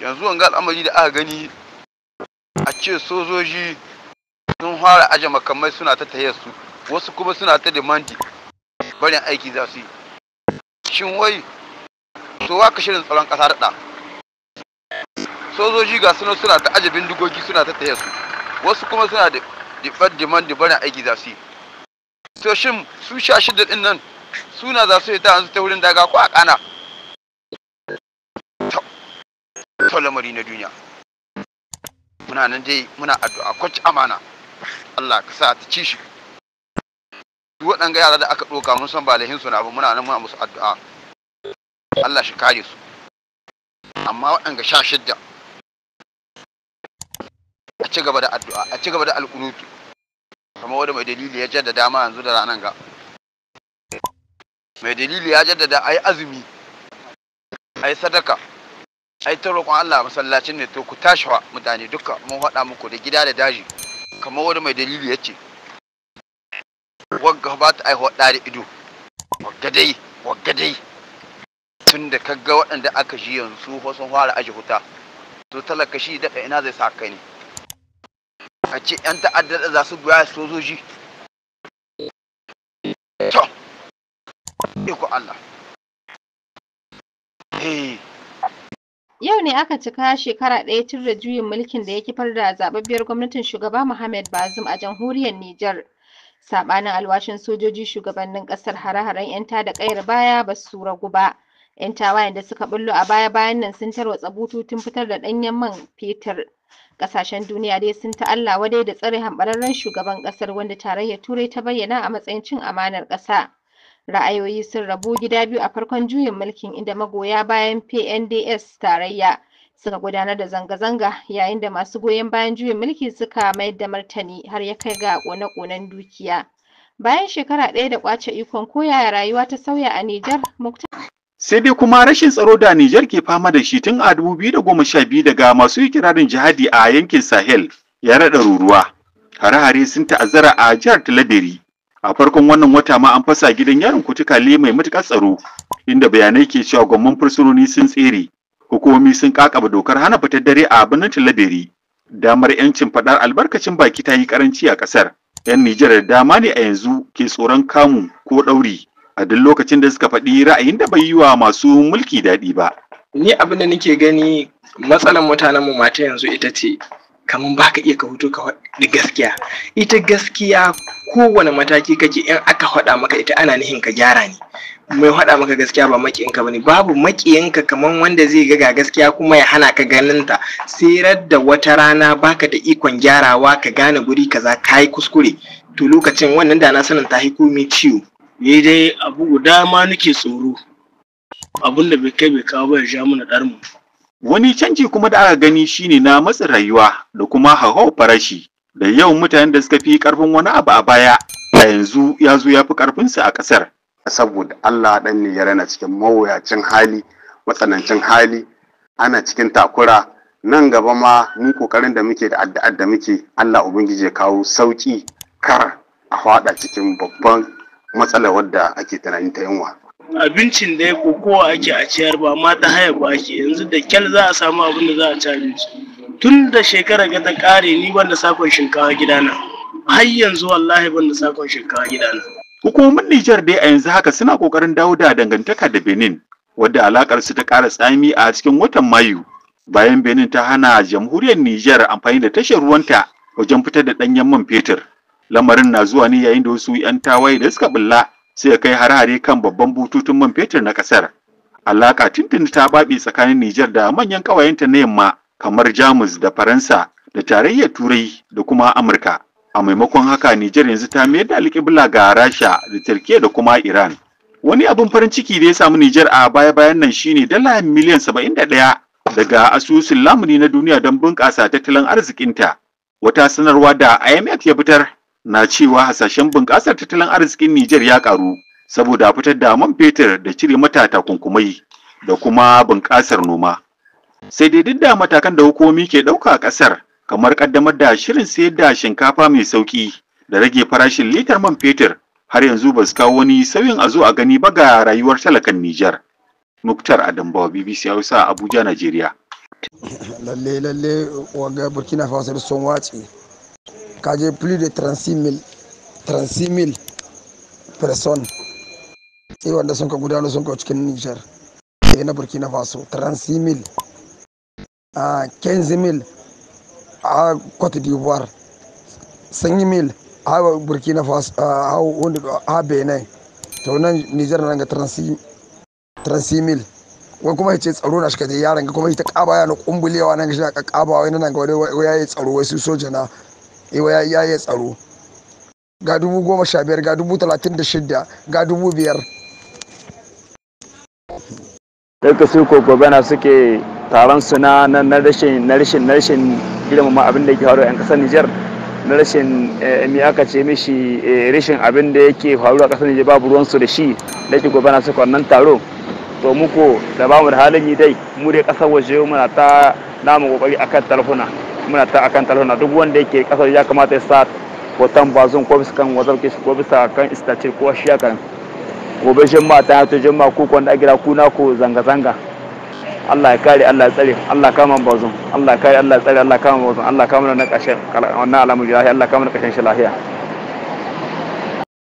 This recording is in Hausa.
yanzu wanga al'amari da aka gani a ce sojoji sun fara aje makamai suna ta tayar su wasu kuma suna ta demandi barin aiki za su yi shin wai to wa ka shirin tsaron kasa da sojoji ga suna suna ta aje bindigogi suna ta tayar su wasu kuma suna da difar demandi barin aiki za su yi to shin su sha shida din nan suna za su yi ta hanzu ta wurin daga ko a kana dukkan lamari na duniya muna nan dai muna addu'a kwac amana Allah ka sa ta ci shi duk waɗanga yara da aka ɗoka mun san ba lahin na ba muna nan muna musu addu'a Allah shi kare su amma waɗanga sha shidda a ci gaba da addu'a a ci gaba da alƙunutu kamar wanda mai dalili ya jaddada ma yanzu da ranar ga mai dalili ya jaddada ai azumi ai sadaka ai ta roƙon Allah masallacin ne to ku tashi wa mutane duka mun faɗa muku da gida da daji kamar wani mai dalili yace wagga ba ta aihuwa ɗa da ido wagga dai wagga dai tun da kaga waɗanda aka ji yanzu ko sun fara aji huta to talaka shi daga ina zai sa kai ne a ce yan ta'addar za su goya sojoji to iko Allah Yau ne aka cika shekara ɗaya tun da juyin mulkin da ya kifar da zababbiyar gwamnatin shugaba Muhammad Bazoum a jamhuriyar Nijar. Saɓanin alwashin sojoji shugabannin ƙasar hare-haren 'yan da ƙayar baya ba su ragu ba. 'Yan tawayen da suka bullo a baya-bayan nan sun tarwatsa bututun fitar da ɗanyen man fetur. Ƙasashen duniya dai sun ta'alla wadai da tsare hambararren shugaban ƙasar wanda tarayyar Turai ta bayyana a matsayin cin amanar ƙasa. Ra'ayoyi sun rabu gida biyu a farkon juyin mulkin inda magoya bayan PNDS tarayya suka gudanar da zanga-zanga yayin da masu goyon bayan juyin mulki suka mayar da martani har ya kai ga kone-konen dukiya. Bayan shekara ɗaya da kwace ikon ya rayuwa ta sauya a Nijar, sai dai kuma rashin tsaro da Nijar ke fama da shi tun a 2012 daga masu ikirarin jihadi a yankin Sahel ya rada ruruwa. Hare-hare sun ta'azzara a jihar Talabiri a farkon wannan wata ma an fasa gidan yaron kutukale mai matukar tsaro inda bayanai ke cewa gwamman fursunoni sun tsere hukumomi sun kakaba dokar hana fitar dare a birnin tilaberi damar yancin faɗar albarkacin baki ta yi karanci a ƙasar yan nijar da dama ne a yanzu ke tsoron kamu ko ɗauri a duk lokacin da suka faɗi ra'ayin da bai yi wa masu mulki daɗi ba ni abin da nake gani matsalar mutanen mata yanzu ita ce kamar ba ka iya ka hutu ka gaskiya ita gaskiya kowane mataki kake in aka faɗa maka ita ana nihin ka gyara ne mai faɗa maka gaskiya ba maƙiyinka ba ne babu maƙiyinka kamar wanda zai ga gaskiya kuma ya hana ka ganin ta sirar da wata rana baka da ikon gyarawa ka gane guri kaza yi kuskure to lokacin wannan da na sanin ta hi komi ciwo ni dai abu guda ma nake tsoro abun da bai kai bai kawo ba ya ja mana ɗarmu Wani canji kuma da aka gani shine na matsin rayuwa da kuma hauhawar farashi da yau mutanen da suka fi karfin wani abu a baya a yanzu ya zo ya fi karfinsu a ƙasar. Saboda Allah ɗan ne ya rana cikin mawuyacin hali, matsanancin hali, ana cikin takura, nan gaba ma mu kokarin da muke da addu'ar da muke Allah ubangiji ya kawo sauƙi kar a faɗa cikin babban matsalar wadda ake tunani ta yunwa abincin da ya kokowa ake a ciyar ba ma ta haya ba ake yanzu da kyal za a samu abin da za a ci abinci tun da shekara ga ta kare ni banda sakon shinkawa gidana har yanzu wallahi banda sakon shinkawa gidana hukumomin Nijar dai a yanzu haka suna kokarin dawo da dangantaka da Benin wadda alakar su ta kara tsami a cikin watan Mayu bayan Benin ta hana jamhuriyar Nijar amfani da tashar ruwanta wajen fitar da ɗanyen man fetur lamarin na zuwa ne yayin da wasu 'yan tawaye da suka bulla sai ya kai hare kan babban bututun man fetur na kasar. Alaka Tintin ta baɓi tsakanin Nijar da manyan ƙawayenta na yamma kamar Jamus da Faransa da tarayyar Turai da kuma Amurka. A maimakon haka Nijar yanzu ta mayar da alƙibla ga Rasha da Turkiyya da kuma Iran. Wani abin farin ciki da ya samu Nijar a baya-bayan nan shine dala miliyan 71 daga asusun lamuni na duniya don bunƙasa tattalin arzikinta. Wata sanarwa da IMF ya fitar na cewa hasashen bunƙasar tattalin arzikin Nijar ya ƙaru saboda fitar da man fetur da cire mata takunkumai da kuma bunƙasar noma. Sai dai duk da matakan da hukumomi ke ɗauka a ƙasar kamar ƙaddamar da shirin sayar da shinkafa mai sauƙi da rage farashin litar man fetur har yanzu ba su kawo wani sauyin a zo a gani ba ga rayuwar talakan Nijar. Muktar Adambawa BBC Hausa Abuja, Najeriya. Lalle lalle waga Burkina Faso sun watse. j'ai plus de 36 000, 36 000 personnes sai wanda sun ka gudana sun ka cikin Nijar sai na Burkina Faso 36 mil a 15 mil a Cote d'Ivoire 5 mil a Burkina Faso a ah, wanda ah, a ah, Benin to nan Nijar nan ga 36 mil wani kuma ya ce tsaro na shi ka je yaran ga kuma ita kaba yana kumbulewa nan ga shi na kaba wani nan ga wani ya yi tsaro wai su soja na iwa ya yi tsaro ga dubu goma sha biyar ga dubu talatin da shida ga dubu biyar daga su na suke taron su na rashin na rashin na rashin girmama abin da ke faruwa yan kasar Nijar na rashin eh, mi aka ce mishi eh, rashin abin da yake faru a kasar Nijar babu ruwan su da shi da ke gobana su kwanan taro to muku da bamu da halin yi dai mu dai kasar waje muna ta namu kokari akan tarfuna muna ta akan na duk wanda yake kasar ya kamata ya sa hoton bazon ko bisa kan wazar kishi ko bisa kan istacir ko shi kan gobe ma ta hato ma ku ko da gira kuna ko zanga zanga Allah ya kare Allah ya tsare Allah kama bazon Allah ya kare Allah ya tsare Allah kama bazon Allah kama na kashe wannan alamu ya Allah kama na kashe shi lafiya